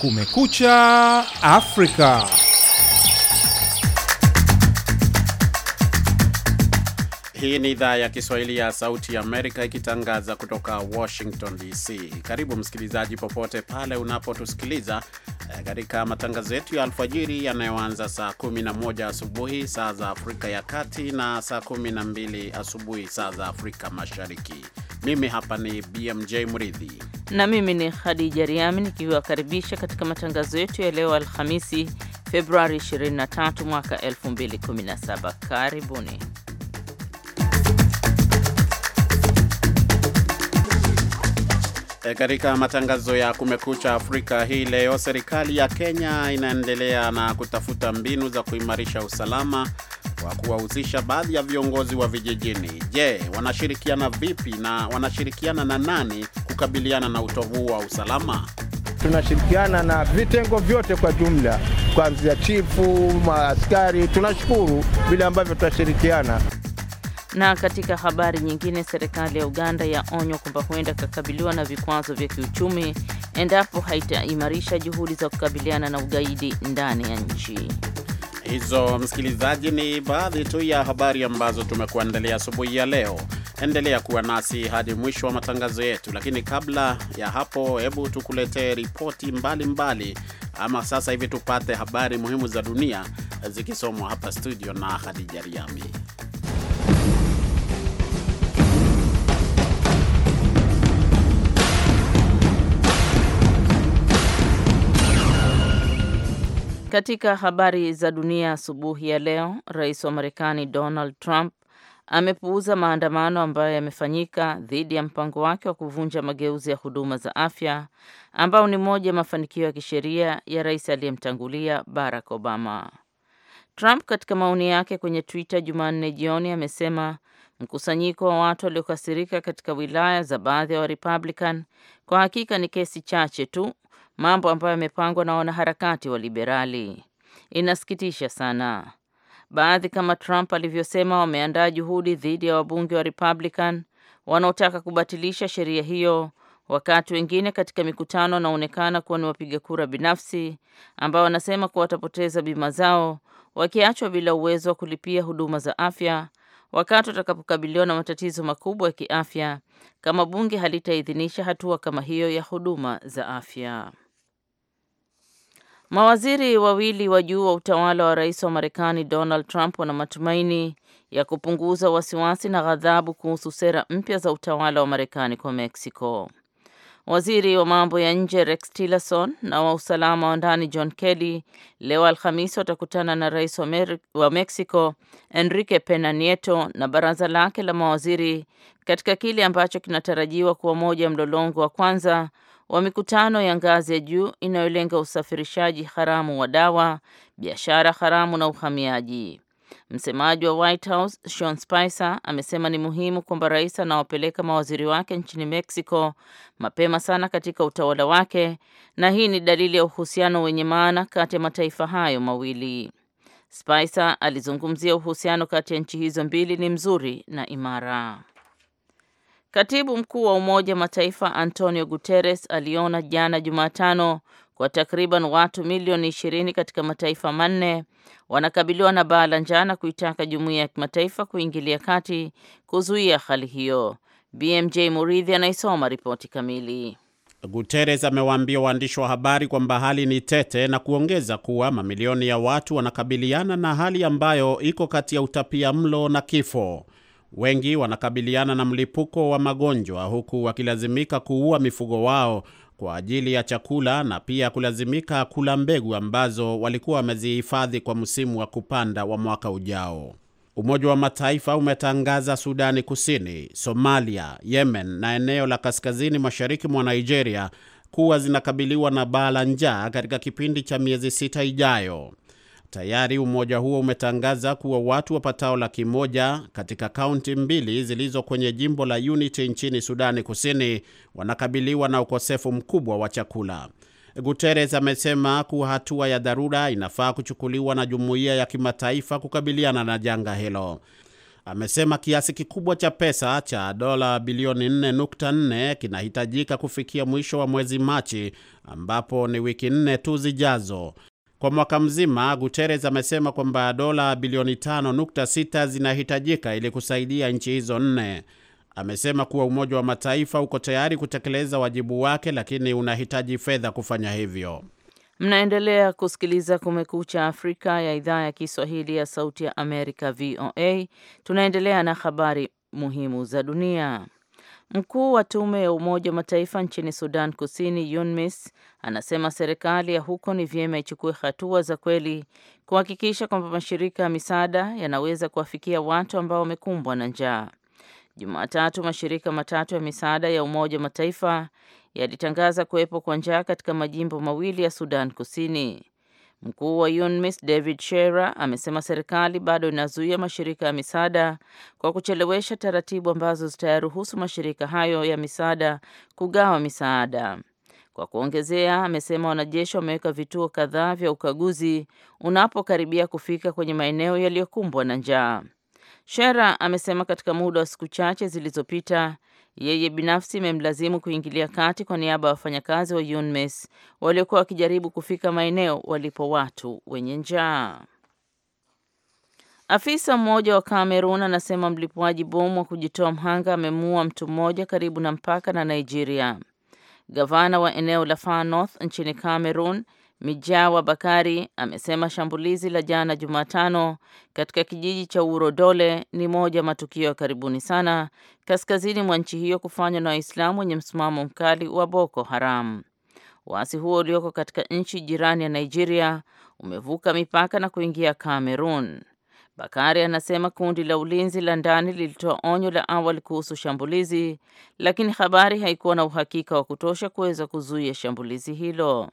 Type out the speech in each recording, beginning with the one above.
Kumekucha Afrika. Hii ni idhaa ya Kiswahili ya Sauti ya Amerika ikitangaza kutoka Washington DC. Karibu msikilizaji, popote pale unapotusikiliza eh, katika matangazo yetu ya alfajiri yanayoanza saa 11 asubuhi saa za Afrika ya Kati na saa 12 asubuhi saa za Afrika Mashariki. Mimi hapa ni BMJ Mridhi na mimi ni Khadija Riami nikiwakaribisha katika matangazo yetu ya leo Alhamisi, Februari 23 mwaka 2017. Karibuni. E, katika matangazo ya Kumekucha Afrika hii leo, serikali ya Kenya inaendelea na kutafuta mbinu za kuimarisha usalama wa kuwahusisha baadhi ya viongozi wa vijijini. Je, wanashirikiana vipi na wanashirikiana na nani kukabiliana na utovu wa usalama? Tunashirikiana na vitengo vyote kwa jumla, kuanzia chifu, maaskari. Tunashukuru vile ambavyo tunashirikiana. Na katika habari nyingine, serikali ya Uganda yaonywa kwamba huenda ikakabiliwa na vikwazo vya kiuchumi endapo haitaimarisha juhudi za kukabiliana na ugaidi ndani ya nchi. Hizo msikilizaji, ni baadhi tu ya habari ambazo tumekuandalia asubuhi ya leo. Endelea kuwa nasi hadi mwisho wa matangazo yetu, lakini kabla ya hapo, hebu tukuletee ripoti mbalimbali, ama sasa hivi tupate habari muhimu za dunia zikisomwa hapa studio na Hadija Riami. Katika habari za dunia asubuhi ya leo, rais wa Marekani Donald Trump amepuuza maandamano ambayo yamefanyika dhidi ya mpango wake wa kuvunja mageuzi ya huduma za afya ambao ni moja ya mafanikio ya kisheria ya rais aliyemtangulia Barack Obama. Trump katika maoni yake kwenye Twitter Jumanne jioni amesema mkusanyiko wa watu waliokasirika katika wilaya za baadhi ya wa Republican kwa hakika ni kesi chache tu mambo ambayo yamepangwa na wanaharakati wa liberali. Inasikitisha sana. Baadhi kama Trump alivyosema, wameandaa juhudi dhidi ya wabunge wa Republican wanaotaka kubatilisha sheria hiyo, wakati wengine katika mikutano wanaonekana kuwa ni wapiga kura binafsi ambao wanasema kuwa watapoteza bima zao wakiachwa bila uwezo wa kulipia huduma za afya wakati watakapokabiliwa na matatizo makubwa ya kiafya kama bunge halitaidhinisha hatua kama hiyo ya huduma za afya. Mawaziri wawili wa juu wa utawala wa Rais wa Marekani Donald Trump wana matumaini ya kupunguza wasiwasi na ghadhabu kuhusu sera mpya za utawala wa Marekani kwa Mexico. Waziri wa mambo ya nje Rex Tillerson na wa usalama wa ndani John Kelly leo Alhamisi watakutana na Rais wa Mexico Enrique Pena Nieto na baraza lake la mawaziri katika kile ambacho kinatarajiwa kuwa moja ya mlolongo wa kwanza wa mikutano ya ngazi ya juu inayolenga usafirishaji haramu wa dawa, biashara haramu na uhamiaji. Msemaji wa White House Sean Spicer amesema ni muhimu kwamba rais anawapeleka mawaziri wake nchini Mexico mapema sana katika utawala wake, na hii ni dalili ya uhusiano wenye maana kati ya mataifa hayo mawili. Spicer alizungumzia uhusiano kati ya nchi hizo mbili ni mzuri na imara. Katibu mkuu wa Umoja wa Mataifa Antonio Guterres aliona jana Jumatano kwa takriban watu milioni ishirini katika mataifa manne wanakabiliwa na baa la njaa na kuitaka jumuiya ya kimataifa kuingilia kati kuzuia hali hiyo. BMJ Muridhi anaisoma ripoti kamili. Guterres amewaambia waandishi wa habari kwamba hali ni tete na kuongeza kuwa mamilioni ya watu wanakabiliana na hali ambayo iko kati ya utapia mlo na kifo. Wengi wanakabiliana na mlipuko wa magonjwa huku wakilazimika kuua mifugo wao kwa ajili ya chakula na pia kulazimika kula mbegu ambazo walikuwa wamezihifadhi kwa msimu wa kupanda wa mwaka ujao. Umoja wa Mataifa umetangaza Sudani Kusini, Somalia, Yemen na eneo la kaskazini mashariki mwa Nigeria kuwa zinakabiliwa na baa la njaa katika kipindi cha miezi sita ijayo. Tayari umoja huo umetangaza kuwa watu wapatao laki moja katika kaunti mbili zilizo kwenye jimbo la Unity nchini Sudani Kusini wanakabiliwa na ukosefu mkubwa wa chakula. Guterres amesema kuwa hatua ya dharura inafaa kuchukuliwa na jumuiya ya kimataifa kukabiliana na janga hilo. Amesema kiasi kikubwa cha pesa cha dola bilioni 4.4 kinahitajika kufikia mwisho wa mwezi Machi, ambapo ni wiki nne tu zijazo kwa mwaka mzima, Guterres amesema kwamba dola bilioni 5.6 zinahitajika ili kusaidia nchi hizo nne. Amesema kuwa Umoja wa Mataifa uko tayari kutekeleza wajibu wake, lakini unahitaji fedha kufanya hivyo. Mnaendelea kusikiliza Kumekucha Afrika ya idhaa ya Kiswahili ya Sauti ya Amerika, VOA. Tunaendelea na habari muhimu za dunia. Mkuu wa tume ya Umoja wa Mataifa nchini Sudan Kusini, UNMISS, anasema serikali ya huko ni vyema ichukue hatua za kweli kuhakikisha kwamba mashirika ya misaada yanaweza kuwafikia watu ambao wamekumbwa na njaa. Jumatatu, mashirika matatu ya misaada ya Umoja wa Mataifa yalitangaza kuwepo kwa njaa katika majimbo mawili ya Sudan Kusini. Mkuu wa UNMISS David Shera amesema serikali bado inazuia mashirika ya misaada kwa kuchelewesha taratibu ambazo zitayaruhusu mashirika hayo ya misaada kugawa misaada. Kwa kuongezea, amesema wanajeshi wameweka vituo kadhaa vya ukaguzi unapokaribia kufika kwenye maeneo yaliyokumbwa na njaa. Shera amesema katika muda wa siku chache zilizopita yeye binafsi imemlazimu kuingilia kati kwa niaba ya wafanyakazi wa UNMISS waliokuwa wakijaribu kufika maeneo walipo watu wenye njaa. Afisa mmoja wa Kamerun anasema mlipuaji bomu wa kujitoa mhanga amemuua mtu mmoja karibu na mpaka na Nigeria. Gavana wa eneo la Far North nchini Kamerun Mijawa Bakari amesema shambulizi la jana Jumatano katika kijiji cha Urodole ni moja matukio ya karibuni sana kaskazini mwa nchi hiyo kufanywa na Waislamu wenye msimamo mkali wa Boko Haram. wasi huo ulioko katika nchi jirani ya Nigeria umevuka mipaka na kuingia Kamerun. Bakari anasema kundi la ulinzi la ndani lilitoa onyo la awali kuhusu shambulizi, lakini habari haikuwa na uhakika wa kutosha kuweza kuzuia shambulizi hilo.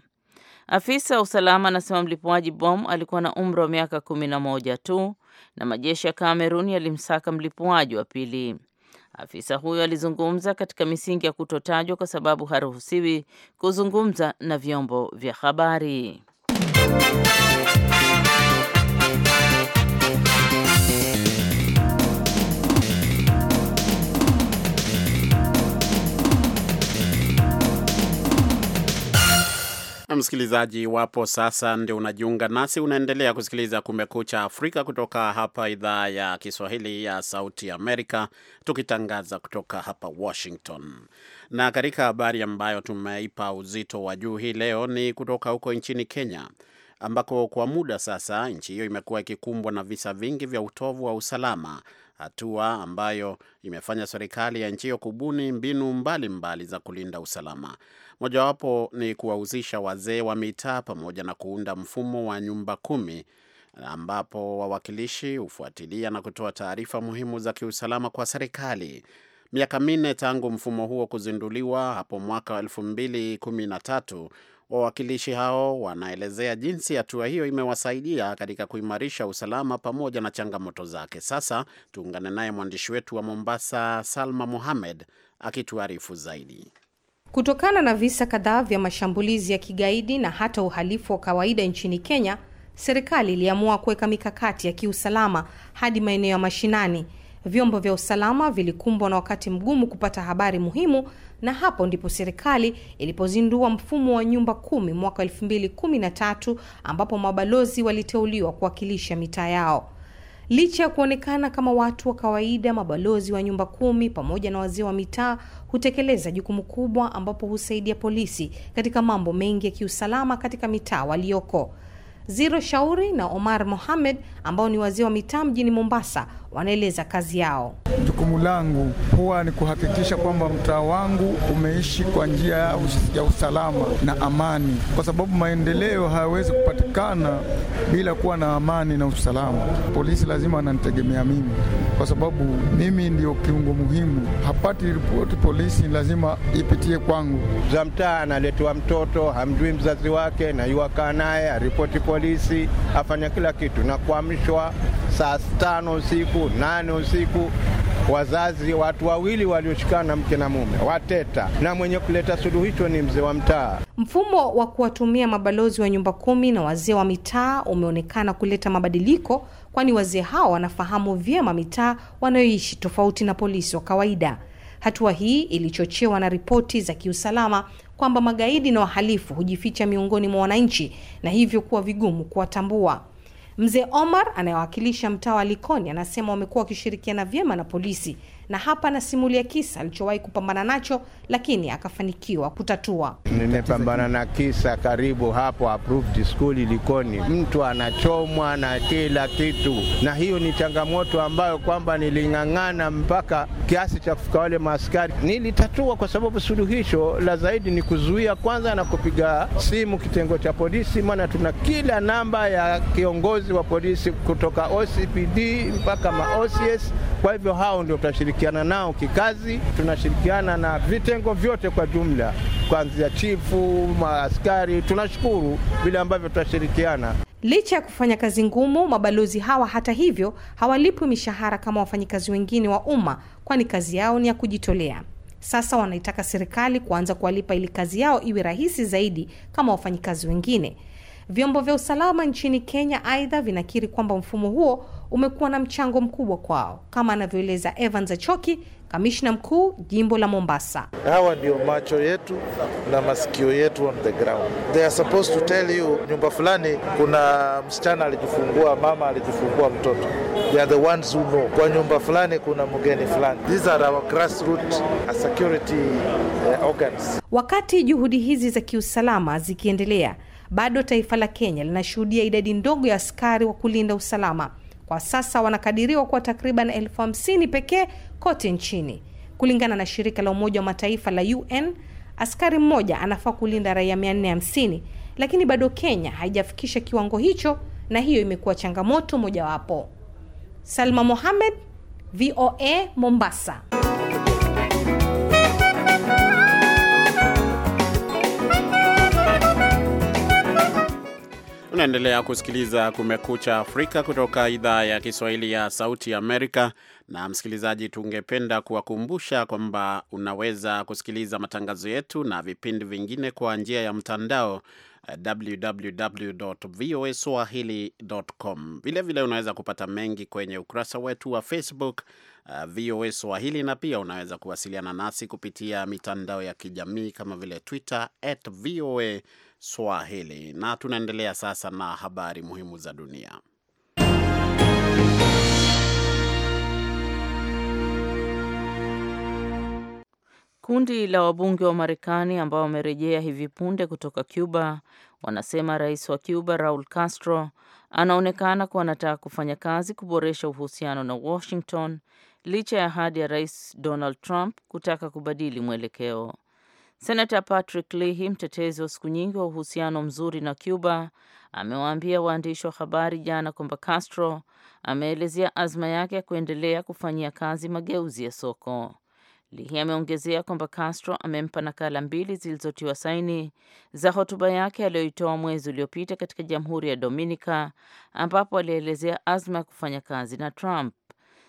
Afisa wa usalama anasema mlipuaji bomu alikuwa na umri wa miaka kumi na moja tu na majeshi ya Kamerun yalimsaka mlipuaji wa pili. Afisa huyo alizungumza katika misingi ya kutotajwa kwa sababu haruhusiwi kuzungumza na vyombo vya habari. Msikilizaji wapo sasa ndio unajiunga nasi, unaendelea kusikiliza Kumekucha Afrika kutoka hapa idhaa ya Kiswahili ya Sauti Amerika, tukitangaza kutoka hapa Washington. Na katika habari ambayo tumeipa uzito wa juu hii leo ni kutoka huko nchini Kenya, ambako kwa muda sasa nchi hiyo imekuwa ikikumbwa na visa vingi vya utovu wa usalama hatua ambayo imefanya serikali ya nchi hiyo kubuni mbinu mbalimbali mbali za kulinda usalama. Mojawapo ni kuwahusisha wazee wa mitaa pamoja na kuunda mfumo wa nyumba kumi ambapo wawakilishi hufuatilia na kutoa taarifa muhimu za kiusalama kwa serikali. Miaka minne tangu mfumo huo kuzinduliwa hapo mwaka wa elfu mbili kumi na tatu Wawakilishi hao wanaelezea jinsi hatua hiyo imewasaidia katika kuimarisha usalama pamoja na changamoto zake. Sasa tuungane naye mwandishi wetu wa Mombasa, Salma Mohamed, akituarifu zaidi. Kutokana na visa kadhaa vya mashambulizi ya kigaidi na hata uhalifu wa kawaida nchini Kenya, serikali iliamua kuweka mikakati ya kiusalama hadi maeneo ya mashinani vyombo vya usalama vilikumbwa na wakati mgumu kupata habari muhimu, na hapo ndipo serikali ilipozindua mfumo wa nyumba kumi mwaka 213 ambapo mabalozi waliteuliwa kuwakilisha mitaa yao. Licha ya kuonekana kama watu wa kawaida, mabalozi wa nyumba kumi pamoja na wazee wa mitaa hutekeleza jukumu kubwa, ambapo husaidia polisi katika mambo mengi ya kiusalama katika mitaa walioko. Ziro Shauri na Omar Mohamed ambao ni wazee wa mitaa mjini Mombasa wanaeleza kazi yao. Jukumu langu huwa ni kuhakikisha kwamba mtaa wangu umeishi kwa njia ya usalama na amani, kwa sababu maendeleo hayawezi kupatikana bila kuwa na amani na usalama. Polisi lazima ananitegemea mimi, kwa sababu mimi ndio kiungo muhimu. Hapati ripoti polisi, lazima ipitie kwangu. za mtaa analetewa mtoto, hamjui mzazi wake, na yuwakaa naye, aripoti polisi, afanya kila kitu na kuamshwa saa tano usiku, nane usiku wazazi watu wawili walioshikana na mke na mume wateta, na mwenye kuleta suluhisho ni mzee wa mtaa. Mfumo wa kuwatumia mabalozi wa nyumba kumi na wazee wa mitaa umeonekana kuleta mabadiliko, kwani wazee hao wanafahamu vyema mitaa wanayoishi tofauti na polisi wa kawaida. Hatua hii ilichochewa na ripoti za kiusalama kwamba magaidi na wahalifu hujificha miongoni mwa wananchi na hivyo kuwa vigumu kuwatambua. Mzee Omar anayewakilisha mtaa wa Likoni anasema wamekuwa wakishirikiana vyema na polisi, na hapa anasimulia kisa alichowahi kupambana nacho lakini akafanikiwa kutatua. Nimepambana na kisa karibu hapo approved school Likoni, mtu anachomwa na kila kitu, na hiyo ni changamoto ambayo kwamba niling'ang'ana mpaka kiasi cha kufika wale maaskari nilitatua, kwa sababu suluhisho la zaidi ni kuzuia kwanza na kupiga simu kitengo cha polisi, maana tuna kila namba ya kiongozi wa polisi kutoka OCPD mpaka ma OCS. Kwa hivyo hao ndio tutashirikiana nao kikazi, tunashirikiana na vite vitengo vyote kwa jumla, kuanzia chifu, maaskari, tunashukuru vile ambavyo tunashirikiana. Licha ya kufanya kazi ngumu, mabalozi hawa hata hivyo hawalipwi mishahara kama wafanyikazi wengine wa umma, kwani kazi yao ni ya kujitolea. Sasa wanaitaka serikali kuanza kuwalipa ili kazi yao iwe rahisi zaidi kama wafanyikazi wengine. Vyombo vya usalama nchini Kenya aidha vinakiri kwamba mfumo huo umekuwa na mchango mkubwa kwao, kama anavyoeleza Evans Achoki, kamishna mkuu jimbo la Mombasa. Hawa ndio macho yetu na masikio yetu on the ground. They are supposed to tell you nyumba fulani kuna msichana alijifungua, mama alijifungua mtoto. They are the ones who know. Kwa nyumba fulani kuna mgeni fulani. These are our grassroots uh, security uh, organs. Wakati juhudi hizi za kiusalama zikiendelea, bado taifa la Kenya linashuhudia idadi ndogo ya askari wa kulinda usalama. Kwa sasa wanakadiriwa kuwa takriban elfu hamsini pekee kote nchini. Kulingana na shirika la Umoja wa Mataifa la UN, askari mmoja anafaa kulinda raia 450, lakini bado Kenya haijafikisha kiwango hicho, na hiyo imekuwa changamoto mojawapo. Salma Mohamed, VOA Mombasa. Unaendelea kusikiliza Kumekucha Afrika kutoka idhaa ya Kiswahili ya Sauti Amerika, na msikilizaji, tungependa kuwakumbusha kwamba unaweza kusikiliza matangazo yetu na vipindi vingine kwa njia ya mtandao www voa www.voaswahili.com. Vilevile unaweza kupata mengi kwenye ukurasa wetu wa Facebook uh, VOA Swahili, na pia unaweza kuwasiliana nasi kupitia mitandao ya kijamii kama vile Twitter at VOA Swahili. Na tunaendelea sasa na habari muhimu za dunia. Kundi la wabunge wa Marekani ambao wamerejea hivi punde kutoka Cuba wanasema rais wa Cuba Raul Castro anaonekana kuwa anataka kufanya kazi kuboresha uhusiano na Washington licha ya ahadi ya rais Donald Trump kutaka kubadili mwelekeo. Senata Patrick Leahy, mtetezi wa siku nyingi wa uhusiano mzuri na Cuba, amewaambia waandishi wa habari jana kwamba Castro ameelezea azma yake ya kuendelea kufanyia kazi mageuzi ya soko. Leahy ameongezea kwamba Castro amempa nakala mbili zilizotiwa saini za hotuba yake aliyoitoa mwezi uliopita katika Jamhuri ya Dominica ambapo alielezea azma ya kufanya kazi na Trump.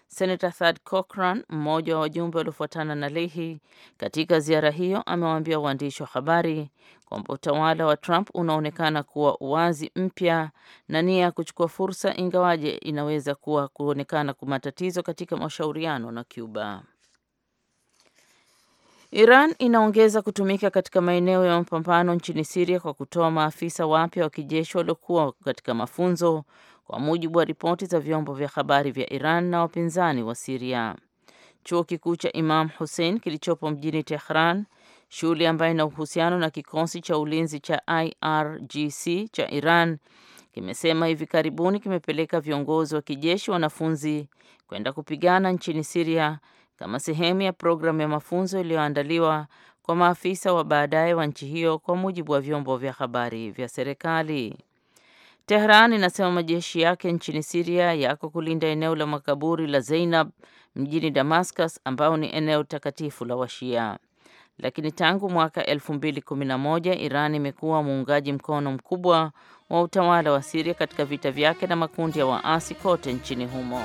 Senator Thad Cochran, mmoja wa wajumbe waliofuatana na lihi katika ziara hiyo, amewaambia waandishi wa habari kwamba utawala wa Trump unaonekana kuwa uwazi mpya na nia ya kuchukua fursa, ingawaje inaweza kuwa kuonekana kwa matatizo katika mashauriano na Cuba. Iran inaongeza kutumika katika maeneo ya mapambano nchini Siria kwa kutoa maafisa wapya wa kijeshi waliokuwa katika mafunzo, kwa mujibu wa ripoti za vyombo vya habari vya Iran na wapinzani wa Siria. Chuo kikuu cha Imam Hussein kilichopo mjini Tehran, shule ambayo ina uhusiano na kikosi cha ulinzi cha IRGC cha Iran kimesema hivi karibuni kimepeleka viongozi wa kijeshi wanafunzi kwenda kupigana nchini Siria kama sehemu ya programu ya mafunzo iliyoandaliwa kwa maafisa wa baadaye wa nchi hiyo, kwa mujibu wa vyombo vya habari vya serikali. Tehran inasema majeshi yake nchini Siria yako kulinda eneo la makaburi la Zeinab mjini Damascus, ambao ni eneo takatifu la Washia. Lakini tangu mwaka 2011 Iran imekuwa muungaji mkono mkubwa wa utawala wa Siria katika vita vyake na makundi ya waasi kote nchini humo.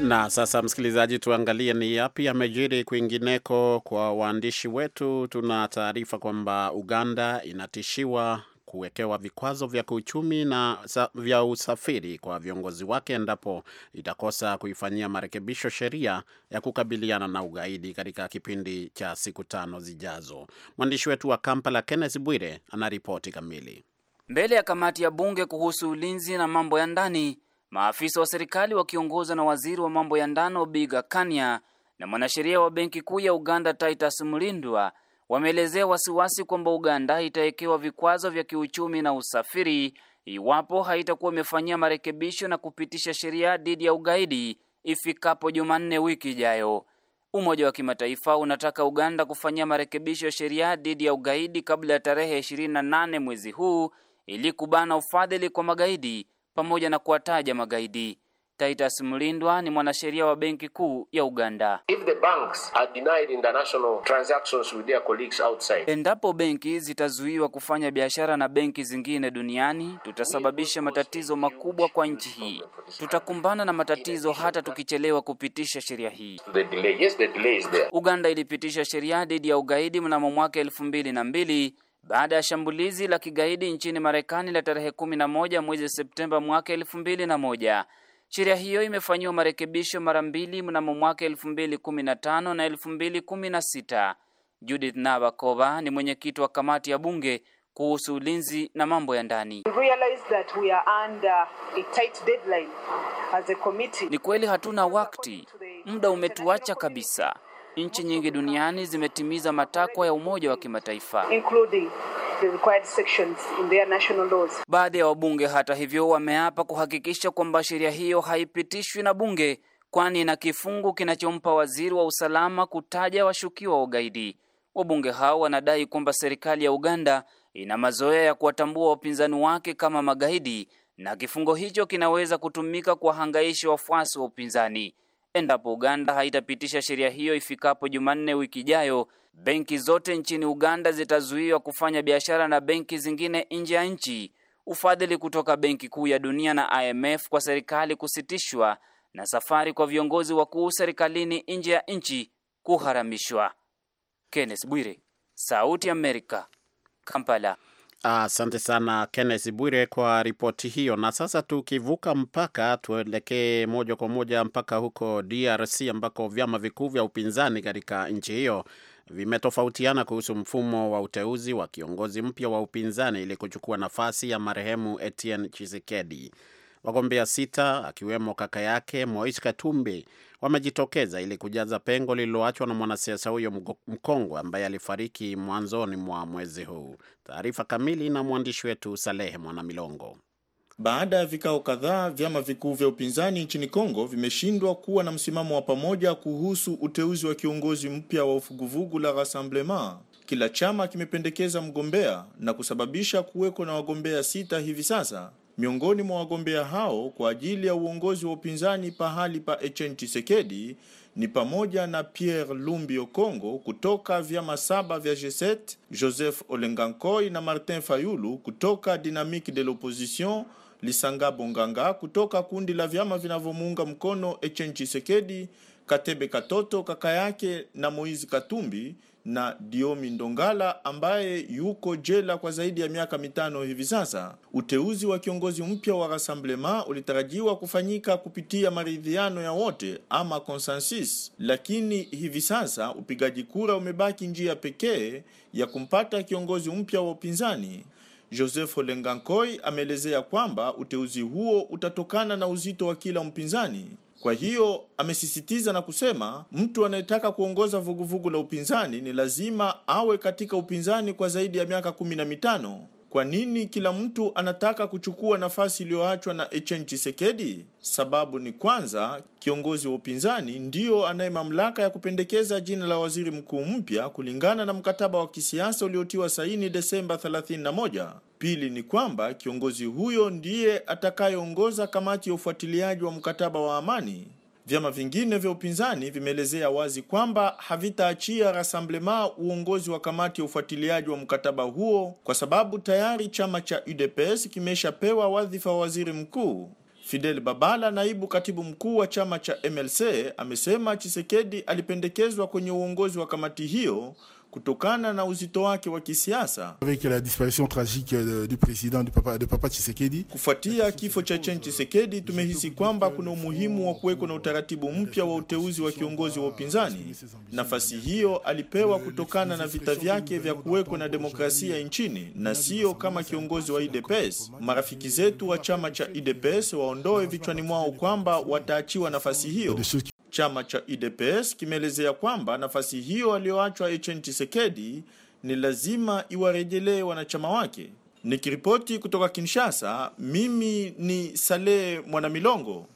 Na sasa msikilizaji, tuangalie ni yapi yamejiri kwingineko kwa waandishi wetu. Tuna taarifa kwamba Uganda inatishiwa kuwekewa vikwazo vya kiuchumi na vya usafiri kwa viongozi wake endapo itakosa kuifanyia marekebisho sheria ya kukabiliana na ugaidi katika kipindi cha siku tano zijazo. Mwandishi wetu wa Kampala, Kenneth Bwire, ana ripoti kamili. Mbele ya kamati ya bunge kuhusu ulinzi na mambo ya ndani, maafisa wa serikali wakiongozwa na waziri wa mambo ya ndani Obiga kanya na mwanasheria wa benki kuu ya Uganda Titus Mulindwa wameelezea wasiwasi kwamba Uganda itawekewa vikwazo vya kiuchumi na usafiri iwapo haitakuwa imefanyia marekebisho na kupitisha sheria dhidi ya ugaidi ifikapo Jumanne wiki ijayo. Umoja wa Kimataifa unataka Uganda kufanyia marekebisho ya sheria dhidi ya ugaidi kabla ya tarehe 28 mwezi huu ili kubana ufadhili kwa magaidi pamoja na kuwataja magaidi. Titus Mlindwa ni mwanasheria wa Benki Kuu ya Uganda. If the banks are denied international transactions with their colleagues outside. Endapo benki zitazuiwa kufanya biashara na benki zingine duniani, tutasababisha matatizo makubwa kwa nchi hii. Tutakumbana na matatizo hata tukichelewa kupitisha sheria hii. The delay. Yes, the delay is there. Uganda ilipitisha sheria dhidi ya ugaidi mnamo mwaka elfu mbili na mbili baada ya shambulizi la kigaidi nchini Marekani la tarehe 11 mwezi Septemba mwaka 2001. Sheria hiyo imefanyiwa marekebisho mara mbili mnamo mwaka 2015 na 2016. Judith Nabakova ni mwenyekiti wa kamati ya bunge kuhusu ulinzi na mambo ya ndani. Ni kweli hatuna wakati, muda umetuacha kabisa. Nchi nyingi duniani zimetimiza matakwa ya Umoja wa Kimataifa. Baadhi ya wabunge hata hivyo wameapa kuhakikisha kwamba sheria hiyo haipitishwi na bunge kwani ina kifungu kinachompa waziri wa usalama kutaja washukiwa wa ugaidi. Wabunge hao wanadai kwamba serikali ya Uganda ina mazoea ya kuwatambua wapinzani wake kama magaidi na kifungo hicho kinaweza kutumika kuwahangaisha wafuasi wa upinzani. Endapo Uganda haitapitisha sheria hiyo ifikapo Jumanne wiki ijayo, benki zote nchini Uganda zitazuiwa kufanya biashara na benki zingine nje ya nchi. Ufadhili kutoka Benki Kuu ya Dunia na IMF kwa serikali kusitishwa na safari kwa viongozi wakuu serikalini nje ya nchi kuharamishwa. Kenneth Bwire, Sauti ya Amerika, Kampala. Asante sana kennes Bwire kwa ripoti hiyo. Na sasa tukivuka mpaka, tuelekee moja kwa moja mpaka huko DRC ambako vyama vikuu vya upinzani katika nchi hiyo vimetofautiana kuhusu mfumo wa uteuzi wa kiongozi mpya wa upinzani ili kuchukua nafasi ya marehemu Etienne chisekedi Wagombea sita akiwemo kaka yake mois Katumbi wamejitokeza ili kujaza pengo lililoachwa na mwanasiasa huyo mkongwe ambaye alifariki mwanzoni mwa mwezi huu. Taarifa kamili na mwandishi wetu Salehe Mwanamilongo. Baada ya vikao kadhaa, vyama vikuu vya upinzani nchini Kongo vimeshindwa kuwa na msimamo wa pamoja kuhusu uteuzi wa kiongozi mpya wa ufuguvugu la Rassemblement. Kila chama kimependekeza mgombea na kusababisha kuweko na wagombea sita hivi sasa Miongoni mwa wagombea hao kwa ajili ya uongozi wa upinzani pahali pa Etienne Tshisekedi ni pamoja na Pierre Lumbi Okongo kutoka vyama saba vya G7, Joseph Olengankoi na Martin Fayulu kutoka Dynamique de l'Opposition, Lisanga Bonganga kutoka kundi la vyama vinavyomuunga mkono Etienne Tshisekedi, Katebe Katoto kaka yake na Moise Katumbi na Diomi Ndongala ambaye yuko jela kwa zaidi ya miaka mitano hivi sasa. Uteuzi wa kiongozi mpya wa Rassemblement ulitarajiwa kufanyika kupitia maridhiano ya wote ama consensus, lakini hivi sasa upigaji kura umebaki njia pekee ya kumpata kiongozi mpya wa upinzani. Joseph Olengankoi ameelezea kwamba uteuzi huo utatokana na uzito wa kila mpinzani. Kwa hiyo amesisitiza na kusema mtu anayetaka kuongoza vuguvugu la upinzani ni lazima awe katika upinzani kwa zaidi ya miaka kumi na mitano kwa nini kila mtu anataka kuchukua nafasi iliyoachwa na Etienne Tshisekedi? Sababu ni kwanza, kiongozi wa upinzani ndiyo anaye mamlaka ya kupendekeza jina la waziri mkuu mpya kulingana na mkataba wa kisiasa uliotiwa saini Desemba 31. Pili ni kwamba kiongozi huyo ndiye atakayeongoza kamati ya ufuatiliaji wa mkataba wa amani Vyama vingine vya upinzani vimeelezea wazi kwamba havitaachia Rassemblement uongozi wa kamati ya ufuatiliaji wa mkataba huo kwa sababu tayari chama cha UDPS kimeshapewa wadhifa wa waziri mkuu. Fidel Babala, naibu katibu mkuu wa chama cha MLC, amesema Chisekedi alipendekezwa kwenye uongozi wa kamati hiyo kutokana na uzito wake wa kisiasa avec la disparition tragique euh, du président du papa de papa Tshisekedi. Kufuatia kifo cha Chen Tshisekedi, tumehisi kwamba kuna umuhimu wa kuweko na utaratibu mpya wa uteuzi wa kiongozi wa upinzani. Nafasi hiyo alipewa kutokana na vita vyake vya kuweko na demokrasia nchini na sio kama kiongozi wa IDPS. Marafiki zetu wa chama cha IDPS waondoe vichwani mwao kwamba wataachiwa nafasi hiyo. Chama cha UDPS kimeelezea kwamba nafasi hiyo aliyoachwa hn Tshisekedi ni lazima iwarejelee wanachama wake. Nikiripoti kutoka Kinshasa, mimi ni Saleh Mwanamilongo.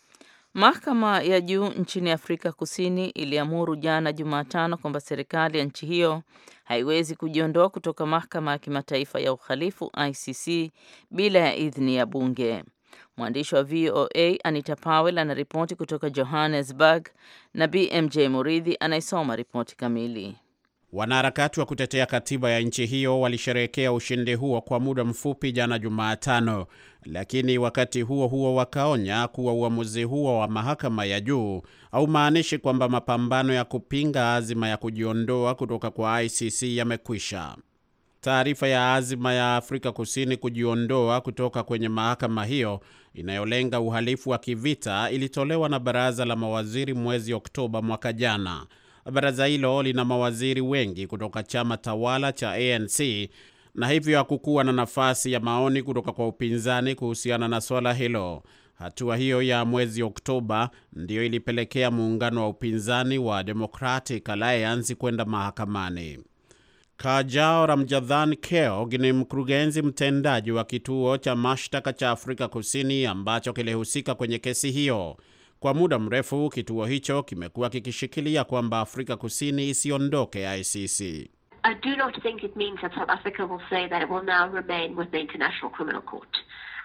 Mahakama ya juu nchini Afrika Kusini iliamuru jana Jumatano kwamba serikali ya nchi hiyo haiwezi kujiondoa kutoka mahakama ya kimataifa ya uhalifu ICC bila ya idhini ya bunge. Mwandishi wa VOA Anita Powell anaripoti kutoka Johannesburg na BMJ Muridhi anayesoma ripoti kamili. Wanaharakati wa kutetea katiba ya nchi hiyo walisherehekea ushindi huo kwa muda mfupi jana Jumatano, lakini wakati huo huo wakaonya kuwa uamuzi huo wa mahakama ya juu haumaanishi kwamba mapambano ya kupinga azima ya kujiondoa kutoka kwa ICC yamekwisha. Taarifa ya azima ya Afrika Kusini kujiondoa kutoka kwenye mahakama hiyo inayolenga uhalifu wa kivita ilitolewa na baraza la mawaziri mwezi Oktoba mwaka jana. Baraza hilo lina mawaziri wengi kutoka chama tawala cha ANC na hivyo hakukuwa na nafasi ya maoni kutoka kwa upinzani kuhusiana na swala hilo. Hatua hiyo ya mwezi Oktoba ndiyo ilipelekea muungano wa upinzani wa Democratic Alliance kwenda mahakamani. Kajao Ramjadhan Keog ni mkurugenzi mtendaji wa kituo cha mashtaka cha Afrika Kusini ambacho kilihusika kwenye kesi hiyo. Kwa muda mrefu kituo hicho kimekuwa kikishikilia kwamba Afrika Kusini isiondoke ICC.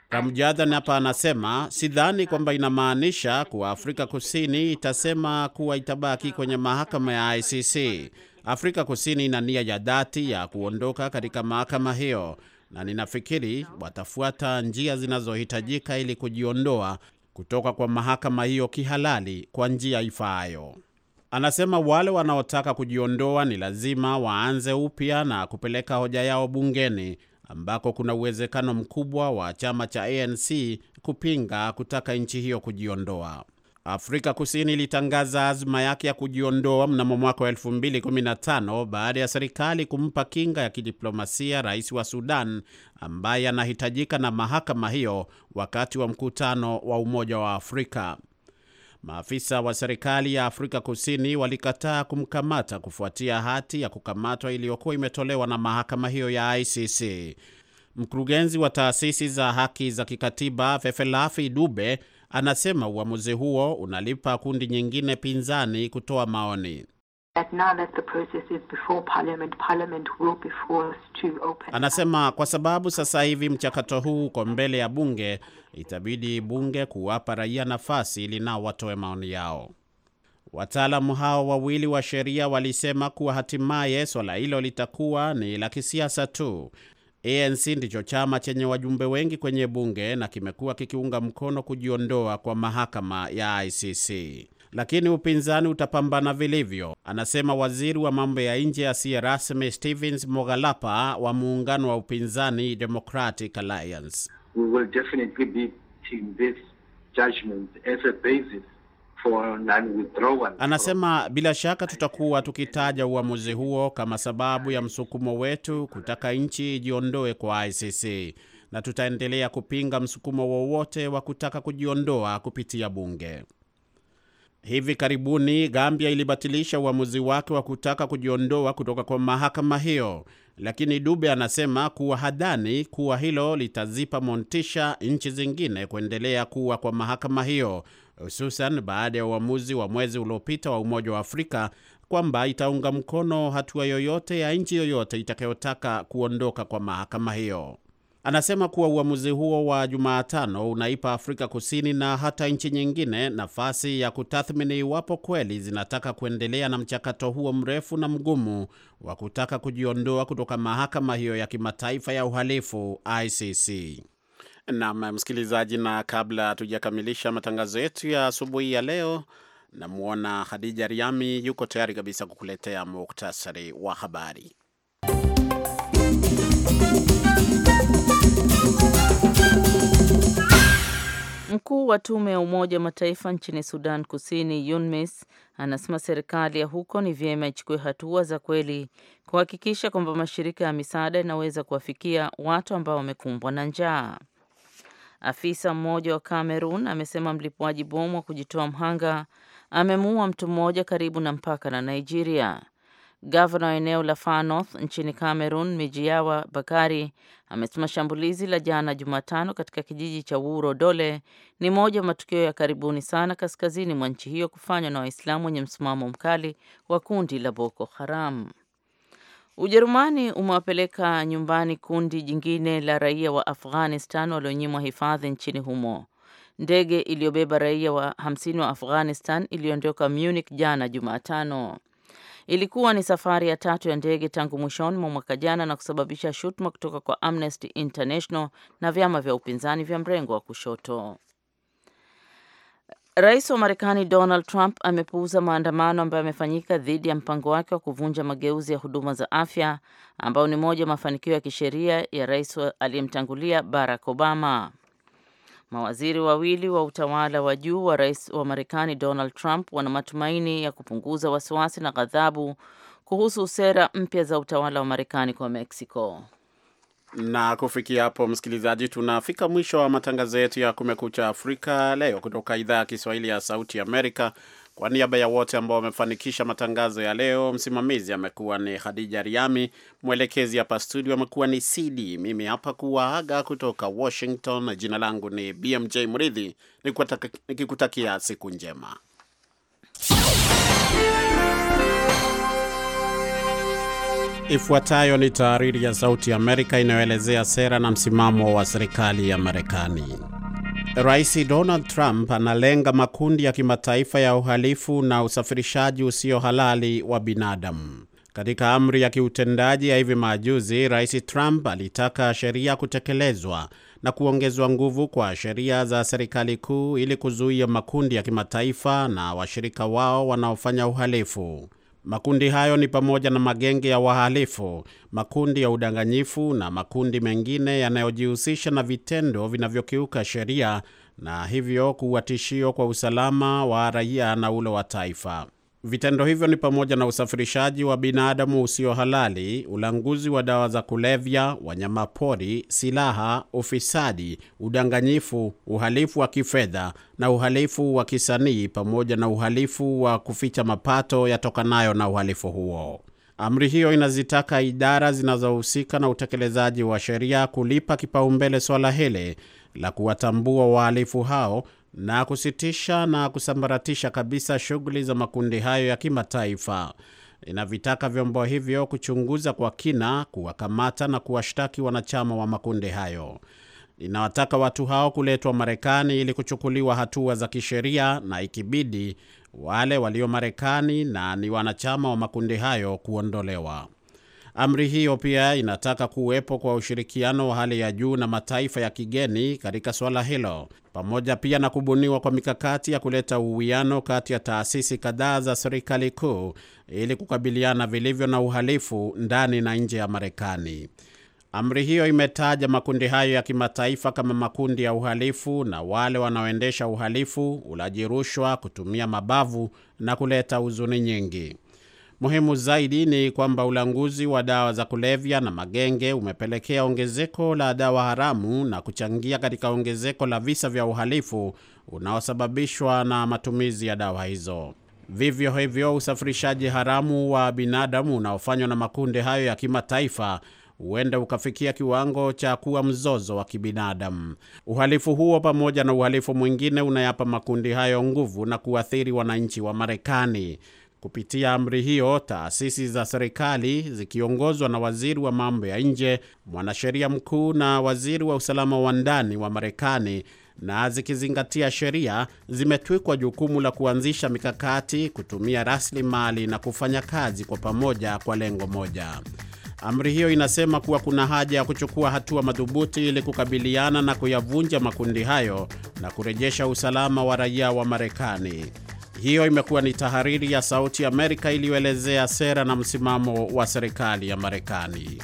Ramjadhan hapa anasema sidhani kwamba inamaanisha kuwa Afrika Kusini itasema kuwa itabaki kwenye mahakama ya ICC. Afrika Kusini ina nia ya dhati ya kuondoka katika mahakama hiyo na ninafikiri watafuata njia zinazohitajika ili kujiondoa kutoka kwa mahakama hiyo kihalali kwa njia ifaayo. Anasema wale wanaotaka kujiondoa ni lazima waanze upya na kupeleka hoja yao bungeni ambako kuna uwezekano mkubwa wa chama cha ANC kupinga kutaka nchi hiyo kujiondoa. Afrika Kusini ilitangaza azma yake ya kujiondoa mnamo mwaka wa 2015 baada ya serikali kumpa kinga ya kidiplomasia rais wa Sudan ambaye anahitajika na mahakama hiyo wakati wa mkutano wa Umoja wa Afrika. Maafisa wa serikali ya Afrika Kusini walikataa kumkamata kufuatia hati ya kukamatwa iliyokuwa imetolewa na mahakama hiyo ya ICC. Mkurugenzi wa taasisi za haki za kikatiba Fefelafi Dube anasema uamuzi huo unalipa kundi nyingine pinzani kutoa maoni. anasema kwa sababu sasa hivi mchakato huu uko mbele ya bunge, itabidi bunge kuwapa raia nafasi ili nao watoe maoni yao. Wataalamu hao wawili wa sheria walisema kuwa hatimaye swala hilo litakuwa ni la kisiasa tu ANC ndicho chama chenye wajumbe wengi kwenye bunge na kimekuwa kikiunga mkono kujiondoa kwa mahakama ya ICC, lakini upinzani utapambana vilivyo, anasema waziri wa mambo ya nje asiye rasmi Stevens Mogalapa wa muungano wa upinzani Democratic Alliance. We will definitely be in this judgment as a basis Anasema bila shaka tutakuwa tukitaja uamuzi huo kama sababu ya msukumo wetu kutaka nchi ijiondoe kwa ICC na tutaendelea kupinga msukumo wowote wa kutaka kujiondoa kupitia bunge. Hivi karibuni Gambia ilibatilisha uamuzi wake wa kutaka kujiondoa kutoka kwa mahakama hiyo, lakini Dube anasema kuwa hadhani kuwa hilo litazipa montisha nchi zingine kuendelea kuwa kwa mahakama hiyo hususan baada ya uamuzi wa mwezi uliopita wa Umoja wa Afrika kwamba itaunga mkono hatua yoyote ya nchi yoyote itakayotaka kuondoka kwa mahakama hiyo. Anasema kuwa uamuzi huo wa Jumatano unaipa Afrika Kusini na hata nchi nyingine nafasi ya kutathmini iwapo kweli zinataka kuendelea na mchakato huo mrefu na mgumu wa kutaka kujiondoa kutoka mahakama hiyo ya kimataifa ya uhalifu ICC. Naam msikilizaji, na kabla hatujakamilisha matangazo yetu ya asubuhi ya leo, namwona Khadija Riami yuko tayari kabisa kukuletea muktasari wa habari. Mkuu wa tume ya Umoja wa Mataifa nchini Sudan Kusini, UNMISS, anasema serikali ya huko ni vyema ichukue hatua za kweli kuhakikisha kwamba mashirika ya misaada yanaweza kuwafikia watu ambao wamekumbwa na njaa. Afisa mmoja wa Kamerun amesema mlipuaji bomu wa kujitoa mhanga amemuua mtu mmoja karibu na mpaka na Nigeria. Gavana wa eneo la Far North nchini Cameroon, Mijiawa Bakari, amesema shambulizi la jana Jumatano katika kijiji cha Wuro Dole ni moja wa matukio ya karibuni sana kaskazini mwa nchi hiyo kufanywa na Waislamu wenye msimamo mkali wa kundi la Boko Haram. Ujerumani umewapeleka nyumbani kundi jingine la raia wa Afghanistan walionyimwa hifadhi nchini humo. Ndege iliyobeba raia wa 50 wa Afghanistan iliondoka Munich jana Jumatano. Ilikuwa ni safari ya tatu ya ndege tangu mwishoni mwa mwaka jana na kusababisha shutuma kutoka kwa Amnesty International na vyama vya upinzani vya mrengo wa kushoto. Rais wa Marekani Donald Trump amepuuza maandamano ambayo yamefanyika dhidi ya mpango wake wa kuvunja mageuzi ya huduma za afya ambayo ni moja ya mafanikio ya kisheria ya rais aliyemtangulia Barack Obama. Mawaziri wawili wa utawala wa juu wa rais wa Marekani Donald Trump wana matumaini ya kupunguza wasiwasi na ghadhabu kuhusu sera mpya za utawala wa Marekani kwa Mexico. Na kufikia hapo, msikilizaji, tunafika mwisho wa matangazo yetu ya Kumekucha Afrika leo kutoka idhaa ya Kiswahili ya Sauti Amerika. Kwa niaba ya wote ambao wamefanikisha matangazo ya leo, msimamizi amekuwa ni Khadija Riami, mwelekezi hapa studio amekuwa ni CD, mimi hapa kuwaaga kutoka Washington. Jina langu ni BMJ Mridhi, nikikutakia siku njema. Ifuatayo ni taariri ya Sauti ya Amerika inayoelezea sera na msimamo wa serikali ya Marekani. Rais Donald Trump analenga makundi ya kimataifa ya uhalifu na usafirishaji usio halali wa binadamu. Katika amri ya kiutendaji ya hivi majuzi, Rais Trump alitaka sheria kutekelezwa na kuongezwa nguvu kwa sheria za serikali kuu ili kuzuia makundi ya kimataifa na washirika wao wanaofanya uhalifu. Makundi hayo ni pamoja na magenge ya wahalifu, makundi ya udanganyifu na makundi mengine yanayojihusisha na vitendo vinavyokiuka sheria na hivyo kuwa tishio kwa usalama wa raia na ule wa taifa. Vitendo hivyo ni pamoja na usafirishaji wa binadamu usio halali, ulanguzi wa dawa za kulevya, wanyamapori, silaha, ufisadi, udanganyifu, uhalifu wa kifedha na uhalifu wa kisanii, pamoja na uhalifu wa kuficha mapato yatokanayo na uhalifu huo. Amri hiyo inazitaka idara zinazohusika na utekelezaji wa sheria kulipa kipaumbele swala hili la kuwatambua wahalifu hao na kusitisha na kusambaratisha kabisa shughuli za makundi hayo ya kimataifa. Inavitaka vyombo hivyo kuchunguza kwa kina, kuwakamata na kuwashtaki wanachama wa makundi hayo. Inawataka watu hao kuletwa Marekani ili kuchukuliwa hatua za kisheria na ikibidi wale walio Marekani na ni wanachama wa makundi hayo kuondolewa. Amri hiyo pia inataka kuwepo kwa ushirikiano wa hali ya juu na mataifa ya kigeni katika suala hilo, pamoja pia na kubuniwa kwa mikakati ya kuleta uwiano kati ya taasisi kadhaa za serikali kuu ili kukabiliana vilivyo na uhalifu ndani na nje ya Marekani. Amri hiyo imetaja makundi hayo ya kimataifa kama makundi ya uhalifu na wale wanaoendesha uhalifu, ulaji rushwa, kutumia mabavu na kuleta huzuni nyingi. Muhimu zaidi ni kwamba ulanguzi wa dawa za kulevya na magenge umepelekea ongezeko la dawa haramu na kuchangia katika ongezeko la visa vya uhalifu unaosababishwa na matumizi ya dawa hizo. Vivyo hivyo, usafirishaji haramu wa binadamu unaofanywa na makundi hayo ya kimataifa huenda ukafikia kiwango cha kuwa mzozo wa kibinadamu. Uhalifu huo pamoja na uhalifu mwingine unayapa makundi hayo nguvu na kuathiri wananchi wa Marekani. Kupitia amri hiyo, taasisi za serikali zikiongozwa na waziri wa mambo ya nje, mwanasheria mkuu na waziri wa usalama wa ndani wa Marekani na zikizingatia sheria zimetwikwa jukumu la kuanzisha mikakati, kutumia rasilimali na kufanya kazi kwa pamoja kwa lengo moja. Amri hiyo inasema kuwa kuna haja ya kuchukua hatua madhubuti ili kukabiliana na kuyavunja makundi hayo na kurejesha usalama wa raia wa Marekani. Hiyo imekuwa ni tahariri ya Sauti ya Amerika iliyoelezea sera na msimamo wa serikali ya Marekani.